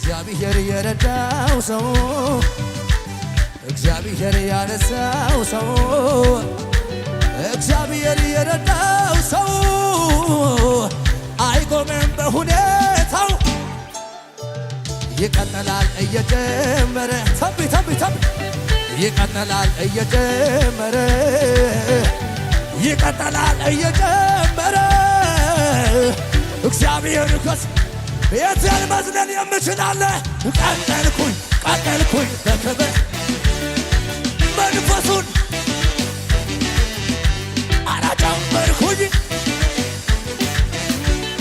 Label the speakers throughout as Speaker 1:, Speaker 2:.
Speaker 1: እግዚአብሔር የረዳው ሰው እግዚአብሔር ያነሳው ሰው እግዚአብሔር የረዳው ሰው አይቆምም በሁኔታው ይቀጥላል እየጀመረ ተቢ ተቢ ተቢ ይቀጥላል እየጀመረ ይቀጥላል እየጀመረ እግዚአብሔር ከስ ቤቴን መዝነን የምችላለ ቀጠልኩኝ ቀጠልኩኝ በክብር መንፈሱን አላጨመርኩኝ።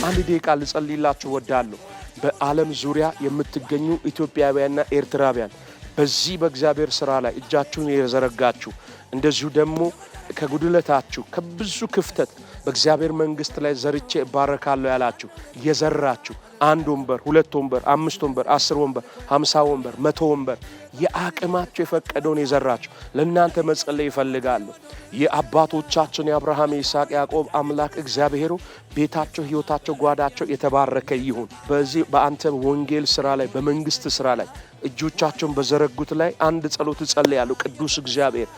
Speaker 2: አንድ ደቂቃ ልጸልይላችሁ ወዳለሁ። በዓለም ዙሪያ የምትገኙ ኢትዮጵያውያንና ኤርትራውያን በዚህ በእግዚአብሔር ስራ ላይ እጃችሁን የዘረጋችሁ እንደዚሁ ደግሞ ከጉድለታችሁ ከብዙ ክፍተት በእግዚአብሔር መንግስት ላይ ዘርቼ እባረካለሁ ያላችሁ የዘራችሁ አንድ ወንበር፣ ሁለት ወንበር፣ አምስት ወንበር፣ አስር ወንበር፣ ሀምሳ ወንበር፣ መቶ ወንበር የአቅማቸው የፈቀደውን የዘራቸው ለእናንተ መጸለይ ይፈልጋሉ የአባቶቻችን የአብርሃም የይስሐቅ ያዕቆብ አምላክ እግዚአብሔሩ ቤታቸው፣ ህይወታቸው ጓዳቸው የተባረከ ይሁን። በዚህ በአንተ ወንጌል ስራ ላይ በመንግስት ስራ ላይ እጆቻቸውን በዘረጉት ላይ አንድ ጸሎት እጸልያለሁ። ቅዱስ እግዚአብሔር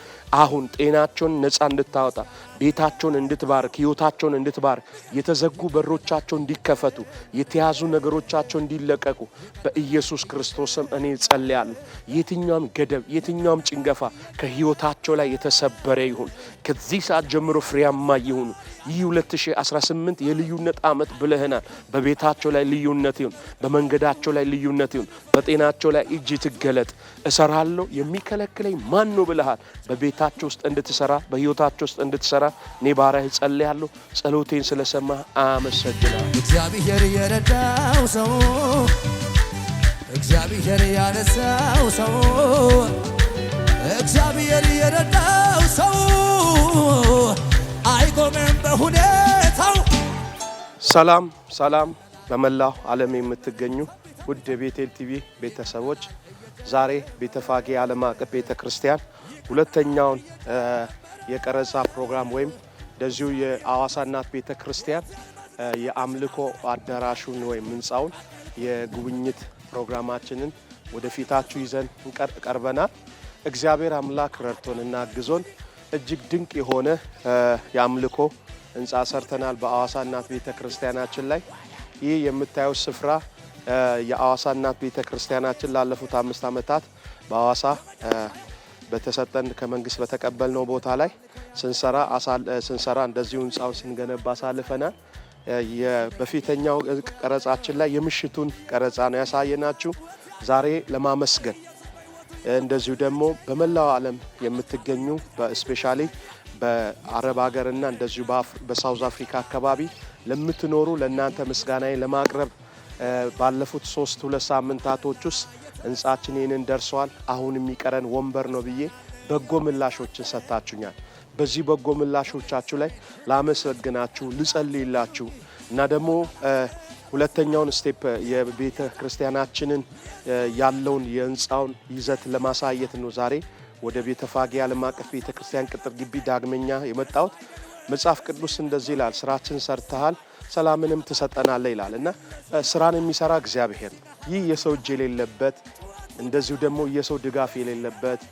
Speaker 2: አሁን ጤናቸውን ነፃ እንድታወጣ ቤታቸውን እንድትባርክ ህይወታቸውን እንድትባርክ የተዘጉ በሮቻቸው እንዲከፈቱ የተያዙ ነገሮቻቸው እንዲለቀቁ በኢየሱስ ክርስቶስም እኔ ጸልያለሁ። የትኛውም ገደብ፣ የትኛውም ጭንገፋ ከህይወታቸው ላይ የተሰበረ ይሁን። ከዚህ ሰዓት ጀምሮ ፍሬያማ ይሁኑ። ይህ 2018 የልዩነት ዓመት ብለህናል። በቤታቸው ላይ ልዩነት ይሁን፣ በመንገዳቸው ላይ ልዩነት ይሁን፣ በጤናቸው ላይ እጅ ትገለጥ። እሰራለሁ የሚከለክለኝ ማን ነው ብለሃል። በቤታቸው ውስጥ እንድትሰራ፣ በህይወታቸው ውስጥ እንድትሰራ እኔ ባሪያህ ጸልያለሁ። ጸሎቴን ስለሰማህ አመሰግናለሁ።
Speaker 1: እግዚአብሔር የረዳ ያነሳው ሰው እግዚአብሔር ያነሳው ሰው እግዚአብሔር የረዳው ሰው አይቆምም በሁኔታው።
Speaker 3: ሰላም ሰላም፣ በመላው ዓለም የምትገኙ ውድ የቤቴል ቲቪ ቤተሰቦች ዛሬ ቤተፋጌ ዓለም አቀፍ ቤተ ክርስቲያን ሁለተኛውን የቀረጻ ፕሮግራም ወይም እንደዚሁ የአዋሳ እናት ቤተ ክርስቲያን የአምልኮ አዳራሹን ወይም ህንፃውን የጉብኝት ፕሮግራማችንን ወደፊታችሁ ይዘን ቀርበናል። እግዚአብሔር አምላክ ረድቶንና አግዞን እጅግ ድንቅ የሆነ የአምልኮ ህንፃ ሰርተናል በአዋሳ እናት ቤተ ክርስቲያናችን ላይ። ይህ የምታየው ስፍራ የአዋሳ እናት ቤተ ክርስቲያናችን ላለፉት አምስት ዓመታት በአዋሳ በተሰጠን ከመንግስት በተቀበልነው ቦታ ላይ ስንሰራ እንደዚሁ ህንፃውን ስንገነባ አሳልፈናል። በፊተኛው ቀረጻችን ላይ የምሽቱን ቀረጻ ነው ያሳየናችሁ። ዛሬ ለማመስገን እንደዚሁ ደግሞ በመላው ዓለም የምትገኙ በስፔሻሊ በአረብ ሀገርና እንደዚሁ በሳውዝ አፍሪካ አካባቢ ለምትኖሩ ለእናንተ ምስጋና ለማቅረብ ባለፉት ሶስት ሁለት ሳምንታቶች ውስጥ ህንጻችን ይህንን ደርሰዋል። አሁን የሚቀረን ወንበር ነው ብዬ በጎ ምላሾችን ሰጥታችሁኛል። በዚህ በጎ ምላሾቻችሁ ላይ ላመሰግናችሁ፣ ልጸልይላችሁ እና ደግሞ ሁለተኛውን ስቴፕ የቤተ ክርስቲያናችንን ያለውን የህንፃውን ይዘት ለማሳየት ነው። ዛሬ ወደ ቤተ ፋጌ ዓለም አቀፍ ቤተ ክርስቲያን ቅጥር ግቢ ዳግመኛ የመጣሁት መጽሐፍ ቅዱስ እንደዚህ ይላል፣ ስራችን ሰርተሃል ሰላምንም ትሰጠናለ ይላል እና ስራን የሚሰራ እግዚአብሔር ይህ የሰው እጅ የሌለበት እንደዚሁ ደግሞ የሰው ድጋፍ የሌለበት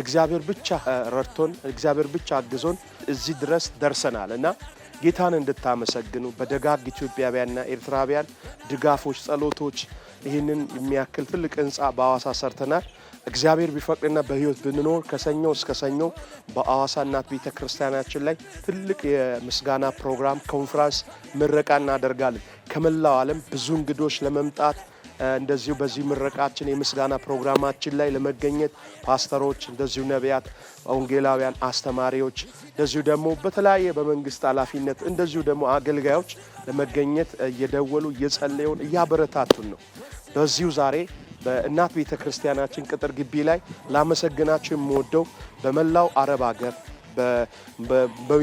Speaker 3: እግዚአብሔር ብቻ ረድቶን እግዚአብሔር ብቻ አግዞን እዚህ ድረስ ደርሰናል እና ጌታን እንድታመሰግኑ በደጋግ ኢትዮጵያውያንና ኤርትራውያን ድጋፎች፣ ጸሎቶች ይህንን የሚያክል ትልቅ ህንፃ በአዋሳ ሰርተናል። እግዚአብሔር ቢፈቅድና በህይወት ብንኖር ከሰኞ እስከ ሰኞ በአዋሳ እናት ቤተ ክርስቲያናችን ላይ ትልቅ የምስጋና ፕሮግራም፣ ኮንፍራንስ፣ ምረቃ እናደርጋለን። ከመላው ዓለም ብዙ እንግዶች ለመምጣት እንደዚሁ በዚህ ምረቃችን የምስጋና ፕሮግራማችን ላይ ለመገኘት ፓስተሮች፣ እንደዚሁ ነቢያት፣ ወንጌላውያን፣ አስተማሪዎች እንደዚሁ ደግሞ በተለያየ በመንግስት ኃላፊነት እንደዚሁ ደግሞ አገልጋዮች ለመገኘት እየደወሉ እየጸለዩን እያበረታቱን ነው። በዚሁ ዛሬ በእናት ቤተ ክርስቲያናችን ቅጥር ግቢ ላይ ላመሰግናችሁ የምወደው በመላው አረብ ሀገር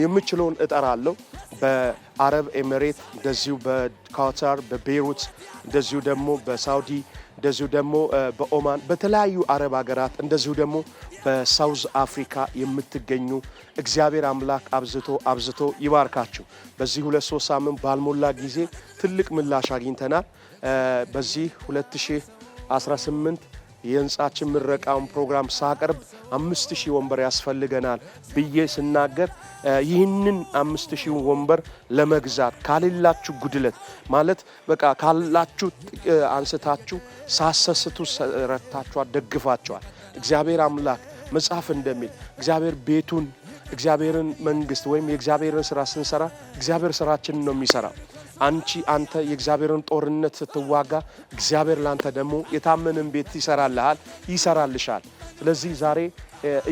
Speaker 3: የምችለውን እጠራለሁ። በአረብ ኤሚሬት እንደዚሁ በካታር በቤሩት እንደዚሁ ደግሞ በሳውዲ እንደዚሁ ደግሞ በኦማን በተለያዩ አረብ ሀገራት እንደዚሁ ደግሞ በሳውዝ አፍሪካ የምትገኙ እግዚአብሔር አምላክ አብዝቶ አብዝቶ ይባርካችሁ። በዚህ ሁለት ሶስት ሳምንት ባልሞላ ጊዜ ትልቅ ምላሽ አግኝተናል። በዚህ 2018 የህንፃችን ምረቃውን ፕሮግራም ሳቀርብ አምስት ሺህ ወንበር ያስፈልገናል ብዬ ስናገር ይህንን አምስት ሺህ ወንበር ለመግዛት ካሌላችሁ ጉድለት ማለት በቃ ካላችሁ አንስታችሁ ሳሰስቱ ረታችኋል፣ ደግፋችኋል። እግዚአብሔር አምላክ መጽሐፍ እንደሚል እግዚአብሔር ቤቱን እግዚአብሔርን መንግስት ወይም የእግዚአብሔርን ስራ ስንሰራ እግዚአብሔር ስራችንን ነው የሚሰራ። አንቺ አንተ የእግዚአብሔርን ጦርነት ስትዋጋ እግዚአብሔር ላንተ ደግሞ የታመንን ቤት ይሰራልሃል፣ ይሰራልሻል። ስለዚህ ዛሬ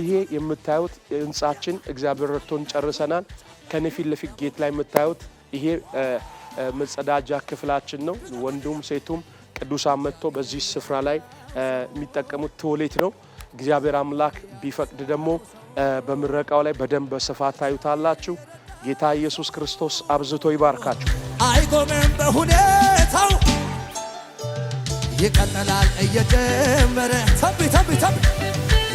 Speaker 3: ይሄ የምታዩት ህንጻችን እግዚአብሔር ረድቶን ጨርሰናል። ከነፊት ለፊት ጌት ላይ የምታዩት ይሄ መጸዳጃ ክፍላችን ነው። ወንዱም ሴቱም ቅዱሳን መጥቶ በዚህ ስፍራ ላይ የሚጠቀሙት ትወሌት ነው። እግዚአብሔር አምላክ ቢፈቅድ ደግሞ በምረቃው ላይ በደንብ በስፋት ታዩታላችሁ። ጌታ ኢየሱስ ክርስቶስ አብዝቶ ይባርካችሁ።
Speaker 1: አይቆምም በሁኔ ይቀጥላል እየጀመረ ተቢ ተቢ ተቢ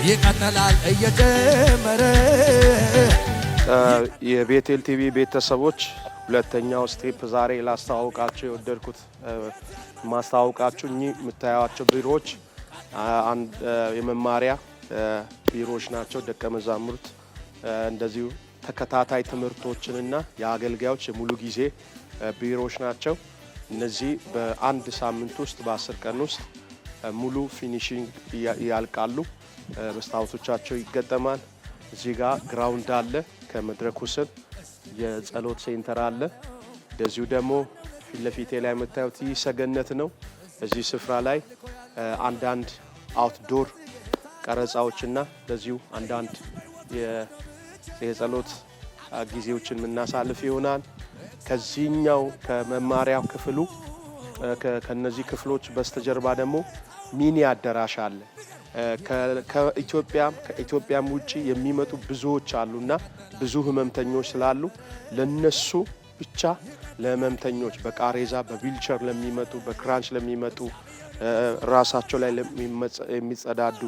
Speaker 1: ይቀጥላል እየጀመረ
Speaker 4: የቤቴል ቲቪ ቤተሰቦች ሁለተኛው ስቴፕ ዛሬ ላስተዋውቃቸው የወደድኩት ማስተዋውቃችሁ እኚህ የምታያቸው ቢሮዎች የመማሪያ ቢሮዎች ናቸው። ደቀ መዛሙርት እንደዚሁ ተከታታይ ትምህርቶችንና የአገልጋዮች የሙሉ ጊዜ ቢሮዎች ናቸው። እነዚህ በአንድ ሳምንት ውስጥ በአስር ቀን ውስጥ ሙሉ ፊኒሽንግ ያልቃሉ። መስታወቶቻቸው ይገጠማል። እዚህ ጋር ግራውንድ አለ። ከመድረኩ ስር የጸሎት ሴንተር አለ። እንደዚሁ ደግሞ ፊት ለፊቴ ላይ የምታዩት ይህ ሰገነት ነው። እዚህ ስፍራ ላይ አንዳንድ አውትዶር ቀረጻዎችና እንደዚሁ አንዳንድ የጸሎት ጊዜዎችን የምናሳልፍ ይሆናል። ከዚህኛው ከመማሪያው ክፍሉ ከነዚህ ክፍሎች በስተጀርባ ደግሞ ሚኒ አዳራሽ አለ። ከኢትዮጵያ ከኢትዮጵያም ውጭ የሚመጡ ብዙዎች አሉና ብዙ ህመምተኞች ስላሉ ለነሱ ብቻ ለህመምተኞች በቃሬዛ በዊልቸር ለሚመጡ በክራንች ለሚመጡ ራሳቸው ላይ የሚጸዳዱ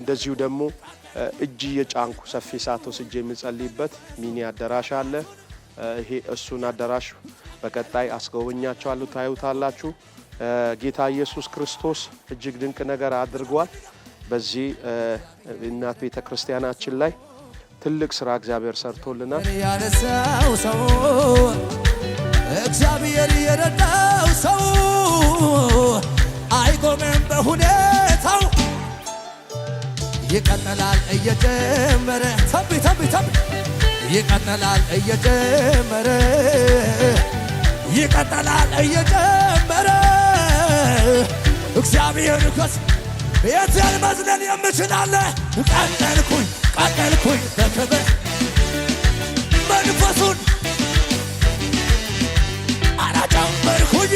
Speaker 4: እንደዚሁ ደግሞ እጅ የጫንኩ ሰፊ ሰዓት ወስጄ የሚጸልይበት ሚኒ አዳራሽ አለ። ይሄ እሱን አዳራሽ በቀጣይ አስጎበኛችኋለሁ፣ ታዩታላችሁ። ጌታ ኢየሱስ ክርስቶስ እጅግ ድንቅ ነገር አድርጓል። በዚህ እናት ቤተ ክርስቲያናችን ላይ ትልቅ ስራ እግዚአብሔር ሰርቶልናል።
Speaker 1: ያነሳው ሰው እግዚአብሔር የረዳው ሰው አይቆምም በሁኔታው ይቀጥላል እየጀመረ ተቢ ተቢ ተቢ ይቀጥላል እየጨመረ ይቀጥላል እየጨመረ እግዚአብሔር ከስ ቤትን መዝለል የምችላለ ቀጠልኩኝ ቀጠልኩኝ በክብር መንፈሱን አራጨመርኩኝ።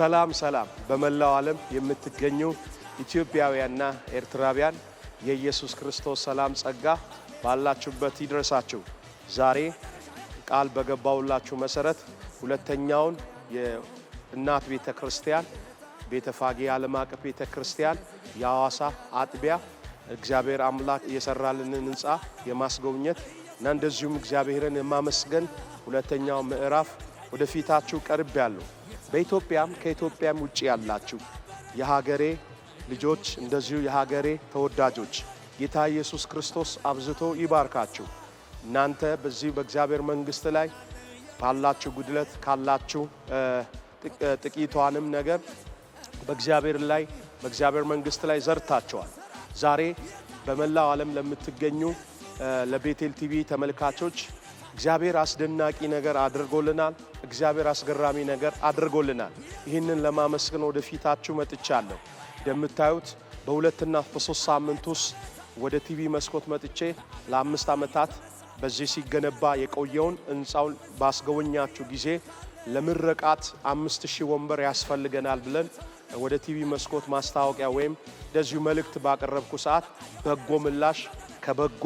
Speaker 3: ሰላም ሰላም፣ በመላው ዓለም የምትገኙ ኢትዮጵያውያንና ኤርትራውያን የኢየሱስ ክርስቶስ ሰላም ጸጋ ባላችሁበት ይድረሳችሁ። ዛሬ ቃል በገባውላችሁ መሰረት ሁለተኛውን የእናት ቤተ ክርስቲያን ቤተ ፋጌ ዓለም አቀፍ ቤተ ክርስቲያን የሐዋሳ አጥቢያ እግዚአብሔር አምላክ የሰራልንን ህንፃ የማስጎብኘት እና እንደዚሁም እግዚአብሔርን የማመስገን ሁለተኛው ምዕራፍ ወደፊታችሁ ቀርብ ያለው በኢትዮጵያም ከኢትዮጵያም ውጭ ያላችሁ የሀገሬ ልጆች እንደዚሁ የሀገሬ ተወዳጆች ጌታ ኢየሱስ ክርስቶስ አብዝቶ ይባርካችሁ። እናንተ በዚህ በእግዚአብሔር መንግሥት ላይ ካላችሁ ጉድለት ካላችሁ ጥቂቷንም ነገር በእግዚአብሔር ላይ በእግዚአብሔር መንግሥት ላይ ዘርታችኋል። ዛሬ በመላው ዓለም ለምትገኙ ለቤቴል ቲቪ ተመልካቾች እግዚአብሔር አስደናቂ ነገር አድርጎልናል። እግዚአብሔር አስገራሚ ነገር አድርጎልናል። ይህንን ለማመስገን ወደፊታችሁ መጥቻለሁ። እንደምታዩት በሁለትና በሶስት ሳምንት ውስጥ ወደ ቲቪ መስኮት መጥቼ ለአምስት ዓመታት በዚህ ሲገነባ የቆየውን ህንፃውን ባስገወኛችሁ ጊዜ ለምረቃት አምስት ሺህ ወንበር ያስፈልገናል ብለን ወደ ቲቪ መስኮት ማስታወቂያ ወይም እንደዚሁ መልእክት ባቀረብኩ ሰዓት በጎ ምላሽ ከበጎ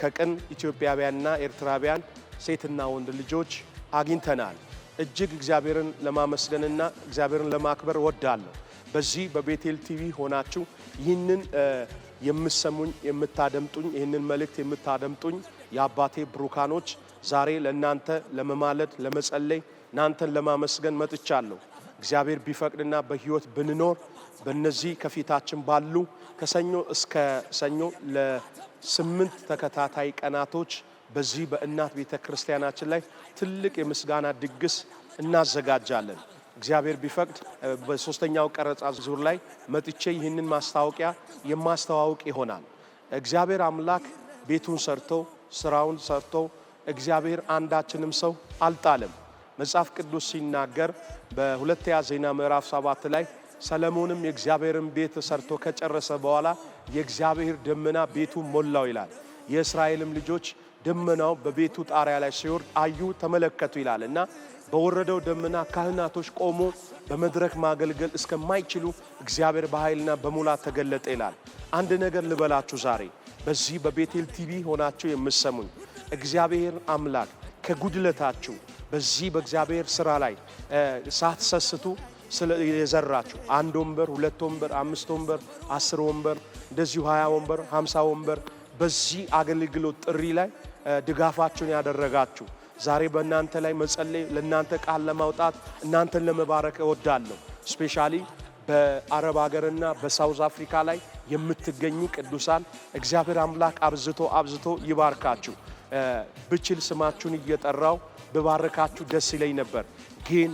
Speaker 3: ከቅን ኢትዮጵያውያንና ኤርትራውያን ሴትና ወንድ ልጆች አግኝተናል። እጅግ እግዚአብሔርን ለማመስገንና እግዚአብሔርን ለማክበር ወዳለሁ። በዚህ በቤቴል ቲቪ ሆናችሁ ይህንን የምሰሙኝ የምታደምጡኝ ይህንን መልእክት የምታደምጡኝ የአባቴ ብሩካኖች ዛሬ ለእናንተ ለመማለድ ለመጸለይ እናንተን ለማመስገን መጥቻለሁ። እግዚአብሔር ቢፈቅድና በሕይወት ብንኖር በእነዚህ ከፊታችን ባሉ ከሰኞ እስከ ሰኞ ለስምንት ተከታታይ ቀናቶች በዚህ በእናት ቤተ ክርስቲያናችን ላይ ትልቅ የምስጋና ድግስ እናዘጋጃለን። እግዚአብሔር ቢፈቅድ በሶስተኛው ቀረጻ ዙር ላይ መጥቼ ይህንን ማስታወቂያ የማስተዋወቅ ይሆናል። እግዚአብሔር አምላክ ቤቱን ሰርቶ ስራውን ሰርቶ እግዚአብሔር አንዳችንም ሰው አልጣለም። መጽሐፍ ቅዱስ ሲናገር በሁለተኛ ዜና ምዕራፍ ሰባት ላይ ሰለሞንም የእግዚአብሔርን ቤት ሰርቶ ከጨረሰ በኋላ የእግዚአብሔር ደመና ቤቱ ሞላው ይላል። የእስራኤልም ልጆች ደመናው በቤቱ ጣሪያ ላይ ሲወርድ አዩ፣ ተመለከቱ ይላል እና በወረደው ደመና ካህናቶች ቆሞ በመድረክ ማገልገል እስከማይችሉ እግዚአብሔር በኃይልና በሙላት ተገለጠ ይላል። አንድ ነገር ልበላችሁ ዛሬ በዚህ በቤቴል ቲቪ ሆናችሁ የምሰሙኝ እግዚአብሔር አምላክ ከጉድለታችሁ በዚህ በእግዚአብሔር ስራ ላይ ሳትሰስቱ የዘራችሁ አንድ ወንበር፣ ሁለት ወንበር፣ አምስት ወንበር፣ አስር ወንበር እንደዚሁ ሀያ ወንበር፣ ሀምሳ ወንበር በዚህ አገልግሎት ጥሪ ላይ ድጋፋችሁን ያደረጋችሁ ዛሬ በእናንተ ላይ መጸለይ፣ ለእናንተ ቃል ለማውጣት እናንተን ለመባረክ እወዳለሁ። ስፔሻሊ በአረብ ሀገርና በሳውዝ አፍሪካ ላይ የምትገኙ ቅዱሳን እግዚአብሔር አምላክ አብዝቶ አብዝቶ ይባርካችሁ። ብችል ስማችሁን እየጠራው በባረካችሁ ደስ ይለኝ ነበር፣ ግን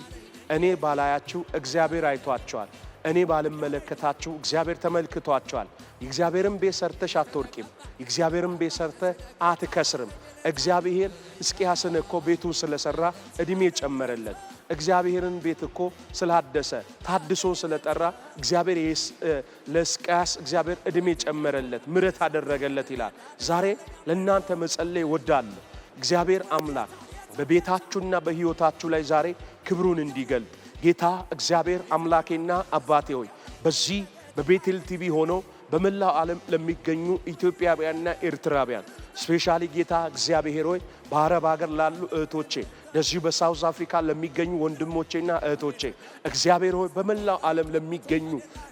Speaker 3: እኔ ባላያችሁ እግዚአብሔር አይቷቸዋል። እኔ ባልመለከታችሁ እግዚአብሔር ተመልክቷቸዋል። የእግዚአብሔርን ቤት ሰርተሽ አትወርቂም። የእግዚአብሔርን ቤት ሰርተ አትከስርም። እግዚአብሔር እስቂያስን እኮ ቤቱን ስለሰራ እድሜ ጨመረለት። እግዚአብሔርን ቤት እኮ ስላደሰ ታድሶን ስለጠራ እግዚአብሔር ለስቃያስ እግዚአብሔር እድሜ ጨመረለት፣ ምረት አደረገለት ይላል። ዛሬ ለእናንተ መጸለይ ወዳለ እግዚአብሔር አምላክ በቤታችሁና በሕይወታችሁ ላይ ዛሬ ክብሩን እንዲገልጥ ጌታ እግዚአብሔር አምላኬና አባቴ ሆይ በዚህ በቤቴል ቲቪ ሆኖ በመላው ዓለም ለሚገኙ ኢትዮጵያውያንና ኤርትራውያን ስፔሻሊ ጌታ እግዚአብሔር ሆይ በአረብ ሀገር ላሉ እህቶቼ እንደዚሁ በሳውዝ አፍሪካ ለሚገኙ ወንድሞቼና እህቶቼ እግዚአብሔር ሆይ በመላው ዓለም ለሚገኙ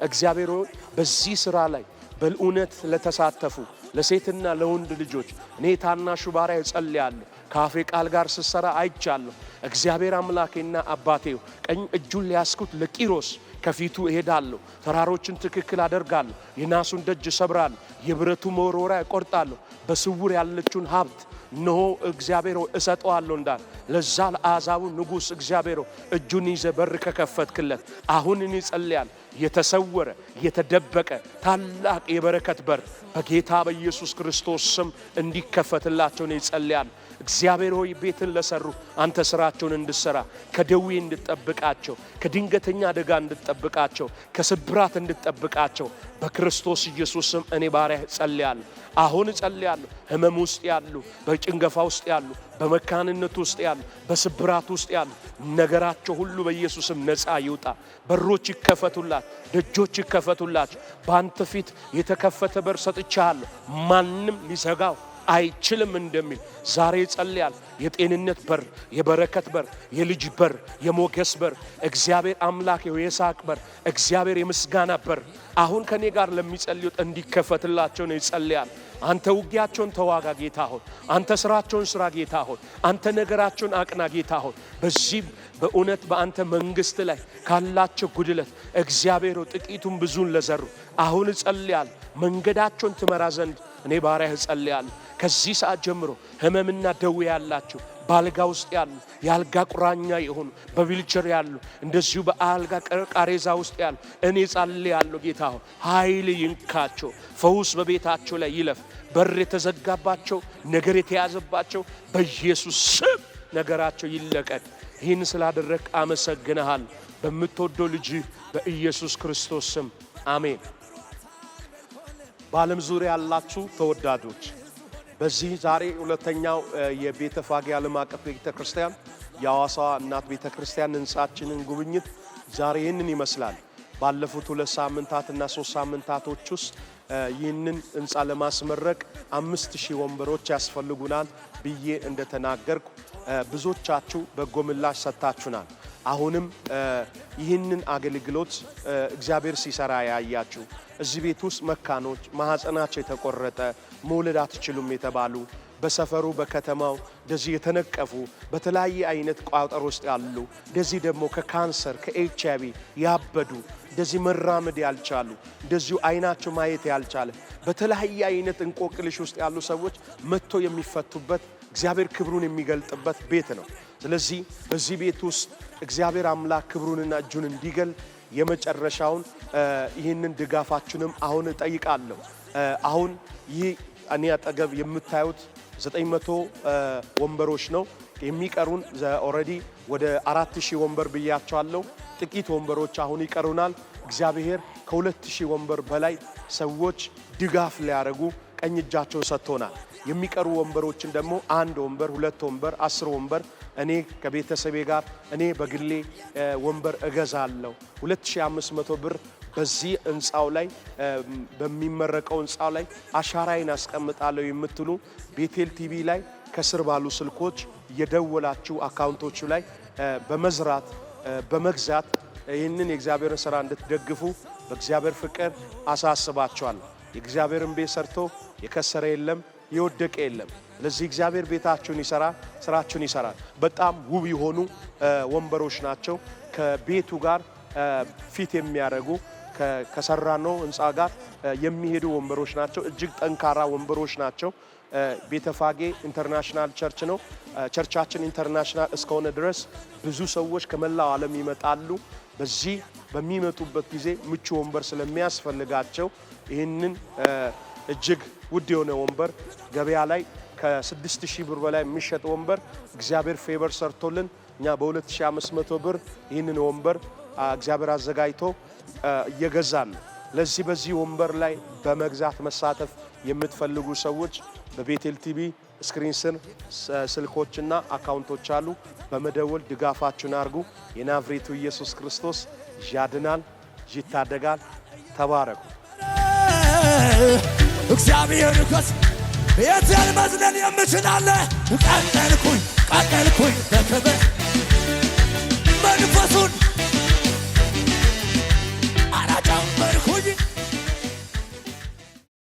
Speaker 3: እግዚአብሔር ሆይ በዚህ ስራ ላይ በእውነት ለተሳተፉ ለሴትና ለወንድ ልጆች እኔ ታናሹ ባሪያ እጸልያለሁ። ከአፌ ቃል ጋር ስሰራ አይቻለሁ። እግዚአብሔር አምላኬና አባቴው ቀኝ እጁን ሊያስኩት ለቂሮስ ከፊቱ እሄዳለሁ። ተራሮችን ትክክል አደርጋለሁ። የናሱን ደጅ እሰብራለሁ፣ የብረቱ መወርወሪያ እቆርጣለሁ። በስውር ያለችውን ሀብት እነሆ እግዚአብሔር እሰጠዋለሁ እንዳል ለዛ ለአሕዛቡ ንጉሥ እግዚአብሔር እጁን ይዘ በር ከከፈትክለት አሁንን ይጸልያል። የተሰወረ የተደበቀ ታላቅ የበረከት በር በጌታ በኢየሱስ ክርስቶስ ስም እንዲከፈትላቸው ነው ይጸልያል። እግዚአብሔር ሆይ ቤትን ለሰሩ አንተ ስራቸውን እንድሰራ ከደዌ እንድጠብቃቸው፣ ከድንገተኛ አደጋ እንድጠብቃቸው፣ ከስብራት እንድጠብቃቸው በክርስቶስ ኢየሱስም እኔ ባሪያህ ጸልያለሁ። አሁን ጸልያለሁ። ህመም ውስጥ ያሉ፣ በጭንገፋ ውስጥ ያሉ፣ በመካንነት ውስጥ ያሉ፣ በስብራት ውስጥ ያሉ ነገራቸው ሁሉ በኢየሱስም ነፃ ይውጣ። በሮች ይከፈቱላት፣ ደጆች ይከፈቱላቸው። በአንተ ፊት የተከፈተ በር ሰጥቻለሁ፣ ማንም ሊዘጋው አይችልም እንደሚል ዛሬ ይጸልያል። የጤንነት በር፣ የበረከት በር፣ የልጅ በር፣ የሞገስ በር፣ እግዚአብሔር አምላክ የሳቅ በር፣ እግዚአብሔር የምስጋና በር አሁን ከእኔ ጋር ለሚጸልዩት እንዲከፈትላቸው ነው ይጸልያል። አንተ ውጊያቸውን ተዋጋ ጌታ ሆይ። አንተ ስራቸውን ስራ ጌታ ሆይ። አንተ ነገራቸውን አቅና ጌታ ሆይ። በዚህ በእውነት በአንተ መንግስት ላይ ካላቸው ጉድለት እግዚአብሔር ጥቂቱን ብዙን ለዘሩ አሁን እጸልያል መንገዳቸውን ትመራ ዘንድ እኔ ባሪያህ እጸልያል። ከዚህ ሰዓት ጀምሮ ህመምና ደዌ ያላችሁ በአልጋ ውስጥ ያሉ የአልጋ ቁራኛ የሆኑ በቪልቸር ያሉ እንደዚሁ በአልጋ ቃሬዛ ውስጥ ያሉ እኔ ጻል ያለው ጌታ ሆ ኃይል ይንካቸው። ፈውስ በቤታቸው ላይ ይለፍ። በር የተዘጋባቸው ነገር የተያዘባቸው በኢየሱስ ስም ነገራቸው ይለቀቅ። ይህን ስላደረግ አመሰግንሃል። በምትወደው ልጅ በኢየሱስ ክርስቶስ ስም አሜን። በዓለም ዙሪያ ያላችሁ ተወዳጆች በዚህ ዛሬ ሁለተኛው የቤተ ፋጌ ዓለም አቀፍ ቤተ ክርስቲያን የሐዋሳ እናት ቤተ ክርስቲያን ሕንጻችንን ጉብኝት ዛሬ ይህንን ይመስላል። ባለፉት ሁለት ሳምንታትና ሶስት ሳምንታቶች ውስጥ ይህንን ህንፃ ለማስመረቅ አምስት ሺህ ወንበሮች ያስፈልጉናል ብዬ እንደተናገርኩ ብዙዎቻችሁ በጎ ምላሽ ሰጥታችሁናል። አሁንም ይህንን አገልግሎት እግዚአብሔር ሲሰራ ያያችሁ እዚህ ቤት ውስጥ መካኖች ማህፀናቸው የተቆረጠ መውለድ አትችሉም የተባሉ በሰፈሩ በከተማው እንደዚህ የተነቀፉ በተለያየ አይነት ቋጠር ውስጥ ያሉ እንደዚህ ደግሞ ከካንሰር ከኤች አይ ቪ ያበዱ እንደዚህ መራመድ ያልቻሉ እንደዚሁ አይናቸው ማየት ያልቻለ በተለያየ አይነት እንቆቅልሽ ውስጥ ያሉ ሰዎች መጥቶ የሚፈቱበት እግዚአብሔር ክብሩን የሚገልጥበት ቤት ነው። ስለዚህ በዚህ ቤት ውስጥ እግዚአብሔር አምላክ ክብሩንና እጁን እንዲገል የመጨረሻውን ይህንን ድጋፋችንም አሁን እጠይቃለሁ። አሁን ይህ እኔ አጠገብ የምታዩት 900 ወንበሮች ነው የሚቀሩን። ኦልሬዲ ወደ 4000 ወንበር ብያቸዋለሁ። ጥቂት ወንበሮች አሁን ይቀሩናል። እግዚአብሔር ከ2000 ወንበር በላይ ሰዎች ድጋፍ ሊያደርጉ ቀኝ እጃቸውን ሰጥቶናል። የሚቀሩ ወንበሮችን ደግሞ አንድ ወንበር፣ ሁለት ወንበር፣ አስር ወንበር እኔ ከቤተሰቤ ጋር እኔ በግሌ ወንበር እገዛለሁ 2500 ብር በዚህ ህንፃው ላይ በሚመረቀው ህንፃው ላይ አሻራዬን አስቀምጣለሁ የምትሉ ቤቴል ቲቪ ላይ ከስር ባሉ ስልኮች የደወላችሁ አካውንቶቹ ላይ በመዝራት በመግዛት ይህንን የእግዚአብሔርን ስራ እንድትደግፉ በእግዚአብሔር ፍቅር አሳስባቸዋል የእግዚአብሔርን ቤት ሰርቶ የከሰረ የለም። የወደቀ የለም። ለዚህ እግዚአብሔር ቤታችሁን ይሰራል፣ ስራችሁን ይሰራል። በጣም ውብ የሆኑ ወንበሮች ናቸው። ከቤቱ ጋር ፊት የሚያደርጉ ከሰራ ነው ህንፃ ጋር የሚሄዱ ወንበሮች ናቸው። እጅግ ጠንካራ ወንበሮች ናቸው። ቤተፋጌ ኢንተርናሽናል ቸርች ነው። ቸርቻችን ኢንተርናሽናል እስከሆነ ድረስ ብዙ ሰዎች ከመላው ዓለም ይመጣሉ። በዚህ በሚመጡበት ጊዜ ምቹ ወንበር ስለሚያስፈልጋቸው ይህንን እጅግ ውድ የሆነ ወንበር ገበያ ላይ ከ6000 ብር በላይ የሚሸጥ ወንበር እግዚአብሔር ፌቨር ሰርቶልን እኛ በ2500 ብር ይህንን ወንበር እግዚአብሔር አዘጋጅቶ እየገዛን ነው። ለዚህ በዚህ ወንበር ላይ በመግዛት መሳተፍ የምትፈልጉ ሰዎች በቤቴል ቲቪ ስክሪን ስር ስልኮችና አካውንቶች አሉ። በመደወል ድጋፋችሁን አድርጉ። የናዝሬቱ ኢየሱስ ክርስቶስ ያድናል፣ ይታደጋል። ተባረኩ።
Speaker 1: እግዚአብሔር እኮስ ቤቴን መዝነን የምችላለ ቀጠልኩኝ ቀጠልኩኝ በክብር መንፈሱን